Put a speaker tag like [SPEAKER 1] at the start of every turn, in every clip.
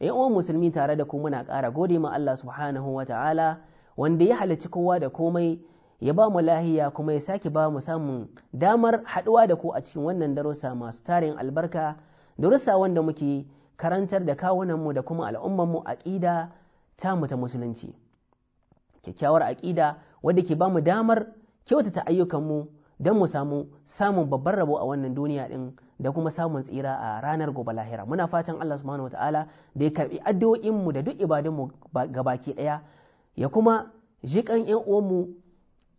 [SPEAKER 1] yan uwan musulmi tare da ku muna ƙara gode ma Allah subhanahu wa ta'ala wanda ya halicci kowa da komai ya ba mu lahiya kuma ya sake ba mu samun damar haɗuwa da ku a cikin wannan darussa masu tarin albarka darussa wanda muke karantar da kawunanmu da kuma al'ummanmu aƙida ta mu ta musulunci kyakkyawar aƙida wadda ke ba mu damar kyautata ayyukanmu don mu samu samun babban rabo a wannan duniya ɗin da kuma samun tsira a ranar gobe lahira muna fatan Allah subhanahu wataala da ya karbi addu'o'in mu da duk ibadun mu gabaki daya ya kuma jikan yan uwan mu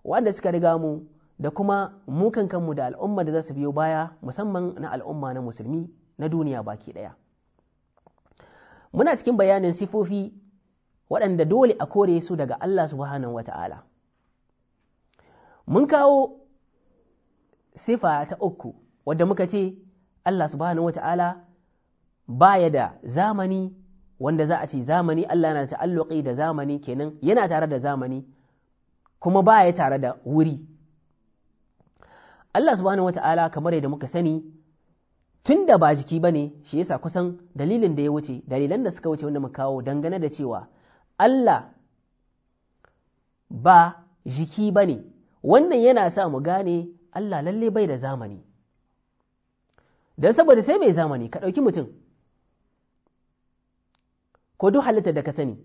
[SPEAKER 1] wanda suka riga mu da kuma mu kankan mu da al'umma da za su biyo baya musamman na al'umma na musulmi na duniya baki daya muna cikin bayanin sifofi waɗanda dole a kore su daga Allah subhanahu wataala mun kawo sifa ta uku wadda muka ce Allah subhanahu wata'ala baya da zamani wanda za a ce zamani Allah yana ta'alluqi da zamani kenan yana tare da zamani kuma baya tare da wuri Allah subhanahu wata'ala kamar yadda muka sani tun da ba jiki bane shi yasa kusan dalilin da ya wuce dalilan da suka wuce wanda muka kawo dangane da cewa Allah ba jiki bane wannan yana sa mu gane Allah lalle bai da zamani don saboda sai mai zamani ka ɗauki mutum ko duk halitta da ka sani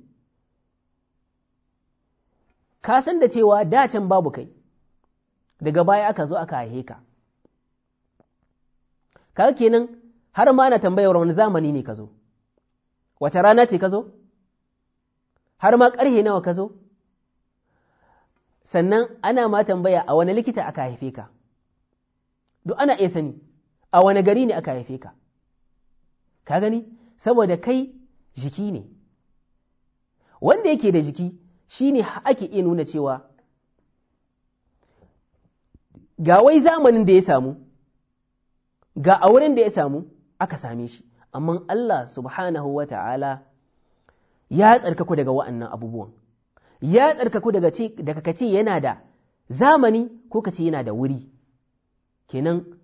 [SPEAKER 1] ka san da cewa dacin babu kai daga baya aka zo aka haihe ka kaga kenan har ma na tambayar wani zamani ne ka zo wace rana ce ka zo har ma ƙarhe nawa ka zo sannan ana ma tambaya a wani likita aka haife ka duk ana iya sani a wani gari ne aka haife ka ka gani saboda kai jiki ne wanda yake da jiki shi ne ake iya nuna cewa ga wai zamanin da ya samu ga a wurin da ya samu aka same shi amma Allah subhanahu wa ta'ala ya tsarkaku daga wa'annan abubuwan ya tsarkaku daga kace yana da zamani ko kace yana da wuri kenan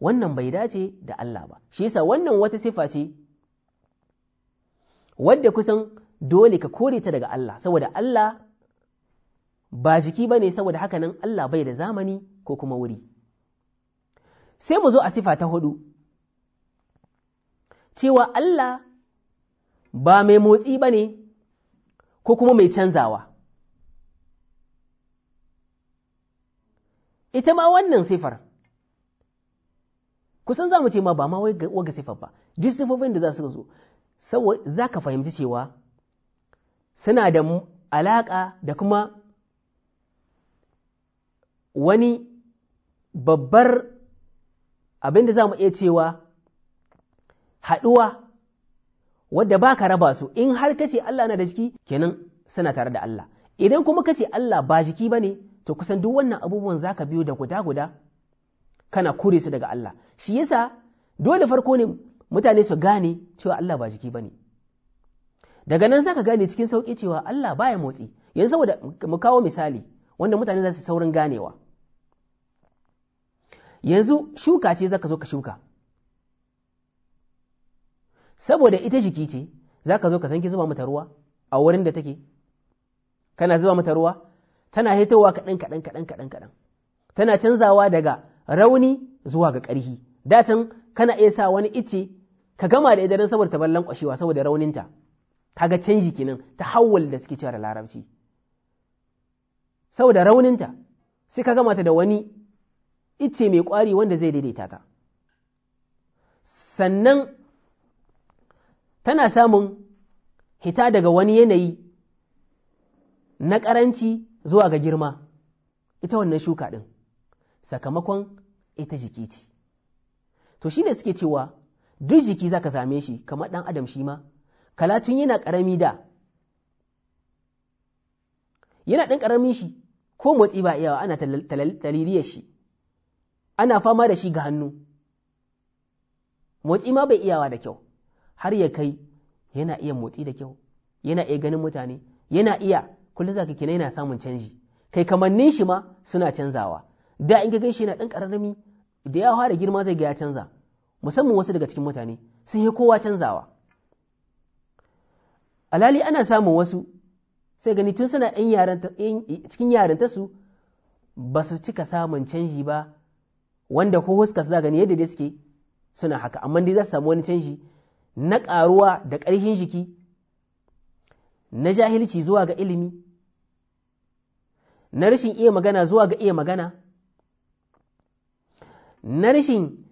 [SPEAKER 1] wannan bai dace da Allah ba shi yasa wannan wata sifa ce wadda kusan dole ka kore ta daga Allah saboda Allah ba jiki ba ne saboda haka nan Allah bai da zamani ko kuma wuri sai mu zo a sifa ta hudu cewa Allah ba mai motsi ba ne ko kuma mai canzawa ita ma wannan sifar kusan za mu ce ma ba ma waga sifa ba duk sifofin da za su zo za ka fahimci cewa suna da alaƙa da kuma wani babbar abin da za mu iya cewa haɗuwa wadda ba ka raba su in har ka ce Allah na da jiki kenan suna tare da Allah idan kuma ka ce Allah ba jiki ba ne to kusan duk wannan abubuwan za ka biyo da guda-guda kana kure su daga Allah shi yasa dole farko ne mutane su gane cewa Allah ba jiki bane daga nan zaka gane cikin sauki cewa Allah baya motsi yanzu saboda mu kawo misali wanda mutane za su saurin ganewa yanzu shuka ce zaka zo ka shuka saboda ita jiki ce zaka zo ka san ki zuba mata ruwa a wurin da take kana zuba mata ruwa tana hitowa kaɗan kaɗan kaɗan kaɗan kaɗan tana canzawa daga rauni zuwa ga ƙarhi datan kana iya sa wani ice ka gama da idanun saboda ta ballan kwashewa saboda rauninta kaga canji kenan ta hawwal da suke cewa da larabci saboda rauninta sai ka gama ta da wani ice mai kwari wanda zai daidaita ta sannan tana samun hita daga wani yanayi na ƙaranci zuwa ga girma ita wannan shuka ɗin sakamakon ita jiki ce to shi shine suke cewa duk jiki za ka same shi kamar ɗan adam shi ma kalatun yana ƙarami da yana ɗan ƙarami shi ko motsi ba iyawa ana taliriyar shi ana fama da shi ga hannu motsi ma bai iyawa da kyau har ya kai yana iya motsi da kyau yana iya ganin mutane yana iya kullum zaka ka kina yana samun canji kai kamannin shi ma suna canzawa da in ka gaishe na ɗan karami da ya fara girma zai ga ya canza musamman wasu daga cikin mutane sun yi kowa canzawa alali ana samun wasu sai gani tun suna cikin ta su ba su cika samun canji ba wanda ko huska za gani yadda dai suke suna haka amma dai za su samu wani canji na ƙaruwa da karhin jiki na jahilci zuwa ga ilimi na rashin iya magana zuwa ga iya magana na rashin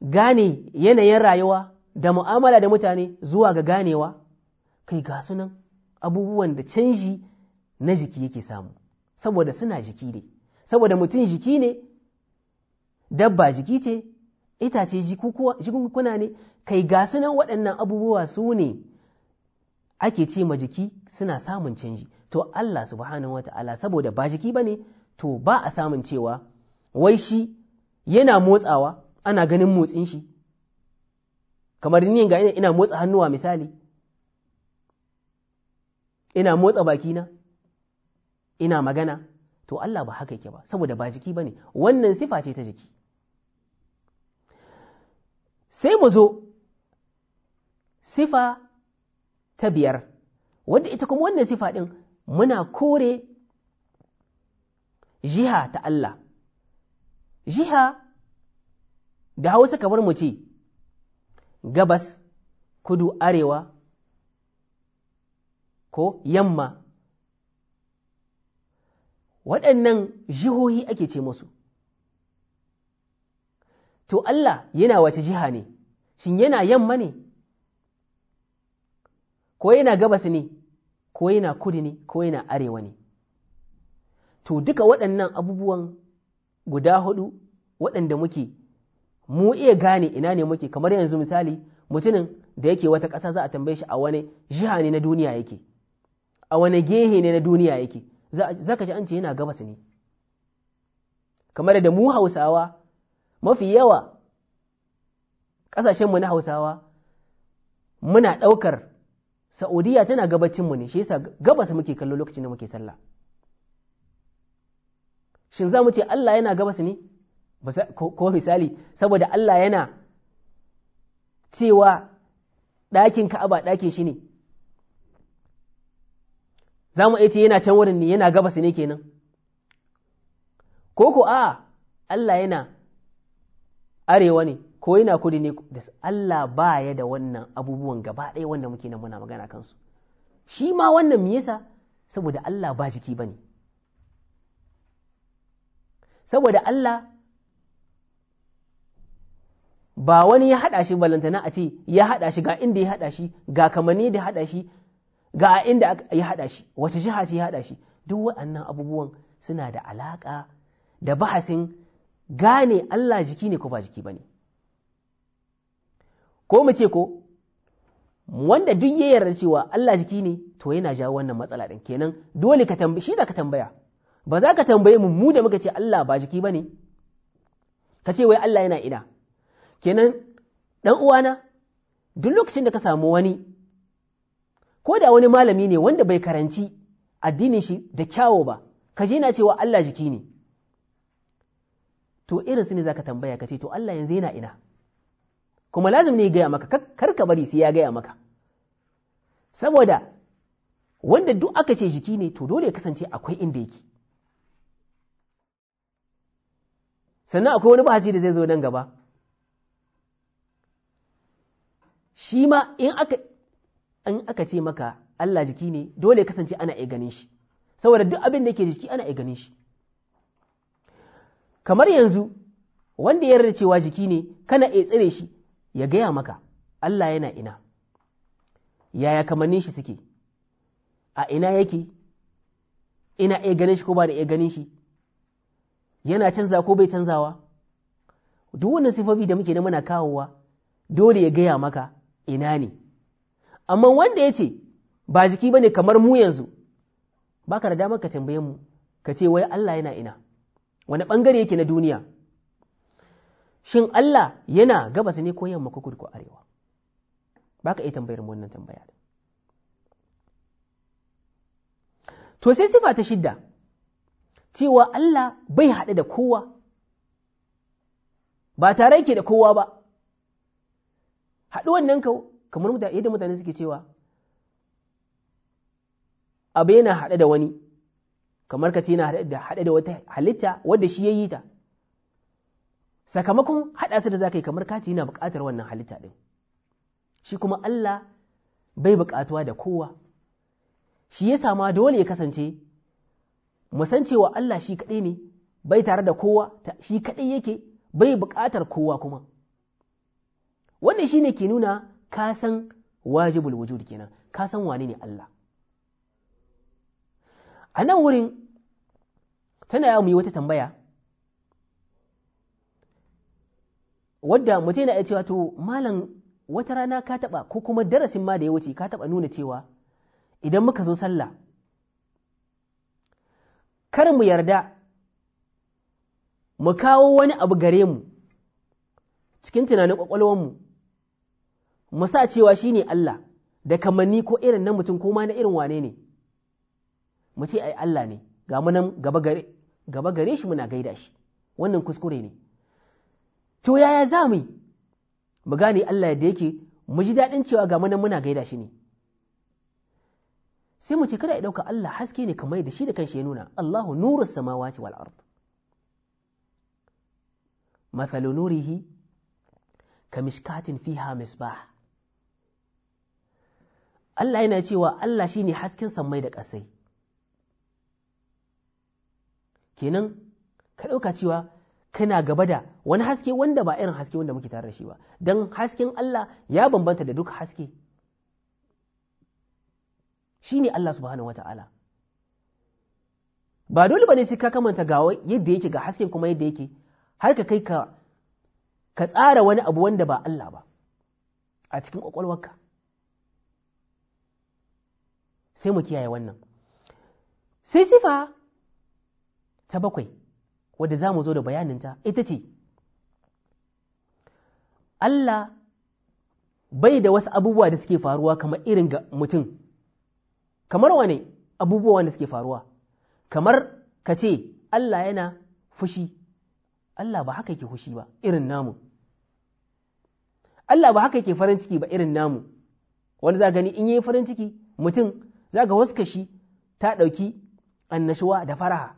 [SPEAKER 1] gane yanayin rayuwa da mu'amala da mutane zuwa ga ganewa kai ga sunan abubuwan da canji na jiki yake samu saboda suna jiki ne saboda mutum jiki ne dabba jiki ce itace jikunkuna ne kai ga sunan waɗannan abubuwa su ne ake ce ma jiki suna samun canji to Allah subhanahu wa ta'ala saboda ba jiki ba ne to ba a samun cewa wai shi yana motsawa ana ganin motsin shi kamar ni ga ina motsa hannuwa misali ina motsa na. ina magana to Allah ba haka yake ba saboda ba jiki ba ne wannan sifa ce ta jiki sai mu zo sifa ta biyar wadda ita kuma wannan sifa ɗin muna kore jiha ta Allah jiha da hausa kamar mu ce gabas kudu arewa ko yamma waɗannan jihohi ake ce musu to Allah yana wace jiha ne shin yana yamma ne ko yana gabas ne ko yana kudu ne ko yana arewa ne to duka waɗannan abubuwan guda hudu waɗanda muke mu iya gane ina ne muke kamar yanzu misali mutumin da yake wata ƙasa za a tambaye shi a wani jiha ne na duniya yake a wani gehe ne na duniya yake za ka ji an ce yana gabas ne kamar da mu hausawa mafi yawa ƙasashenmu na hausawa muna ɗaukar Sa'udiyya tana gabacinmu ne, shi yasa gabas muke kallo lokacin da muke sallah. shin za mu ce Allah yana gabas ne ko misali saboda Allah yana cewa ɗakin ka'aba ɗakin shi ne za mu ce yana can wurin ne yana gabas ne kenan ko ko a Allah yana arewa ne ko yana kudi ne da Allah ba ya da wannan abubuwan gaba ɗaya wanda muke nan muna magana kansu shi ma wannan me yasa saboda Allah ba jiki ba ne. saboda Allah ba wani ya haɗa shi balantana a ce ya haɗa shi ga inda ya haɗa shi ga kamanni da haɗa shi ga inda ya haɗa shi wace jiha ce ya haɗa shi duk waɗannan abubuwan suna da alaƙa da bahasin gane Allah jiki ne ko ba jiki ba ne ko mu ce ko wanda duk ya yarda cewa Allah jiki ne to yana jawo wannan matsala ɗin kenan dole ka tambaya shi da ka tambaya ba za ka tambaye mu mu da muka ce Allah ba jiki ba ne ka ce wai Allah yana ina kenan ɗan uwana duk lokacin da ka samu wani ko da wani malami ne wanda bai karanci addinin shi da kyawo ba ka ji na cewa Allah jiki ne to irin su ne za ka tambaya ka ce to Allah yanzu yana ina kuma lazim ne ya gaya maka kar ka bari sai ya gaya maka saboda wanda duk aka ce jiki ne to dole ya kasance akwai inda yake sannan akwai wani bahasi da zai zo nan gaba shi ma in aka ce maka Allah jiki ne dole kasance ana iya ganin shi saboda duk abin da yake jiki ana iya ganin shi kamar yanzu wanda ya yarda cewa jiki ne kana iya tsire shi ya gaya maka Allah yana ina yaya kamannin shi suke a ina yake ina iya ganin shi ko ba da iya ganin shi yana canza ko bai canzawa duk wannan sifofi da muke da muna kawowa dole ya gaya maka ina ne amma wanda ya ce ba jiki ba ne kamar mu yanzu baka da damar ka tambaye mu ka ce wai Allah yana ina wani bangare yake na duniya shin Allah yana gabas ne ko yamma ko kudu ko arewa baka iya tambayar mu wannan tambaya to sai sifa ta shidda cewa Allah bai haɗe da kowa ba tare yake da kowa ba haɗu wannan kamar yadda mutane suke cewa abu yana haɗe da wani kamar ka ce yana haɗe da wata halitta wadda shi ya yi ta sakamakon haɗa su da za ka yi kamar kati yana buƙatar wannan halitta ɗin shi kuma Allah bai buƙatuwa da kowa shi ya sama dole ya kasance mu san cewa Allah shi kaɗai ne bai tare da kowa shi kaɗai yake bai buƙatar kowa kuma wannan shi ne ke nuna ka san wajibul wujud kenan ka san wane ne Allah a nan wurin tana yawon yi wata tambaya wadda mutum na iya cewa to malam wata rana ka taɓa ko kuma darasin ma da ya wuce ka taɓa nuna cewa idan muka zo sallah kar mu yarda mu kawo wani abu gare mu cikin tunanin kwakwalwan mu mu sa cewa shi ne Allah da kamanni ko irin na mutum ko ma na irin wane ne mu ce ai Allah ne ga mu nan gaba gare gaba gare shi muna gaida shi wannan kuskure ne to yaya za mu mu gane Allah yadda yake mu ji daɗin cewa ga mu nan muna gaida shi ne sai mu ce kada ya ɗauka Allah haske ne kamar da shi da kanshi ya nuna Allahu nurus samawati wal ard mathalu nurihi kamishkatin fiha misbah Allah yana cewa Allah shine hasken samai da ƙasai kenan ka ɗauka cewa kana gaba da wani haske wanda ba irin haske wanda muke tare da shi ba Dan hasken Allah ya bambanta da duk haske Shi ne Allah subhanahu wata'ala ba dole ne sai ka kamanta ga yadda yake ga hasken kuma yadda yake har ka kai ka tsara wani abu wanda ba Allah ba a cikin kwakwalwanka. sai mu kiyaye wannan sai sifa ta bakwai wadda za mu zo da bayaninta ita ce Allah bai da wasu abubuwa da suke faruwa kamar irin ga mutum kamar wane abubuwa da suke faruwa kamar ka ce Allah yana fushi Allah ba haka yake fushi ba irin namu Allah ba haka yake farin ciki ba irin namu wani za gani in yi farin ciki mutum za ga wasu kashi ta ɗauki annashuwa da faraha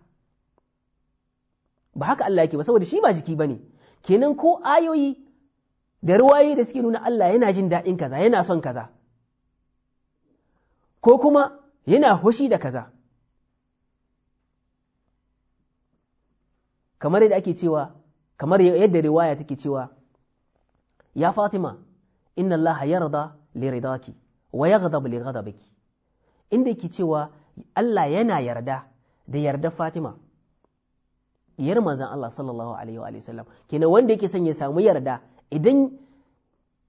[SPEAKER 1] ba haka Allah yake ba saboda shi ba jiki ba ne kenan ko ayoyi da ruwayoyi da suke nuna Allah yana jin daɗin kaza yana son kaza ko kuma yana hushi da kaza kamar yadda ake cewa kamar yadda riwaya take cewa ya fatima inna allaha yarda li ridaki wa yaghdab li ghadabiki inda yake cewa Allah yana yarda da yarda fatima diyar manzon Allah sallallahu alaihi wa sallam wanda yake son ya samu yarda idan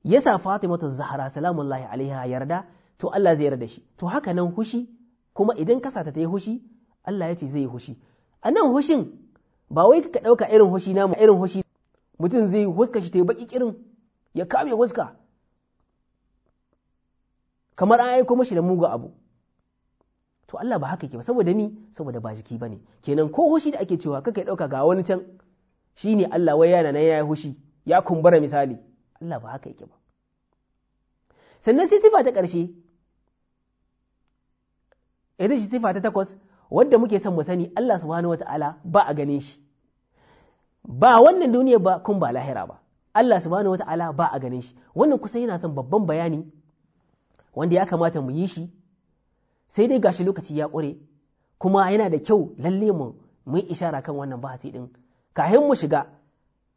[SPEAKER 1] ya sa fatima ta zahra salamullahi alaiha yarda to Allah zai yarda shi to haka nan hushi kuma idan ka sata ta yi hushi Allah ya ce zai yi hushi a nan hushin ba wai ka ɗauka irin hushi mu irin hushi mutum zai huska shi ta yi baƙi kirin ya kame huska kamar an aiko mashi da mugu abu to Allah ba haka yake ba saboda mi saboda ba jiki bane kenan ko hushi da ake cewa kaka ɗauka ga wani can shine Allah wai yana nan yayi hushi ya kumbura misali Allah ba haka yake ba sannan sai sifa ta ƙarshe irin shi sifa ta takwas wadda muke son mu sani Allah subhanahu wata'ala ba a ganin shi ba wannan duniya ba kun ba lahira ba Allah subhanahu wata'ala ba a ganin shi wannan kusa yana son babban bayani wanda ya kamata mu yi shi sai dai gashi lokaci ya kure. kuma yana da kyau lalle mu mu yi ishara kan wannan bahasi din kafin mu shiga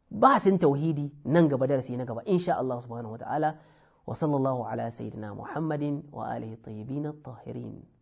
[SPEAKER 1] bahasin tauhidi nan gaba darasi na gaba insha Allah subhanahu wata'ala wa sallallahu ala sayyidina Muhammadin wa alihi tayyibin at-tahirin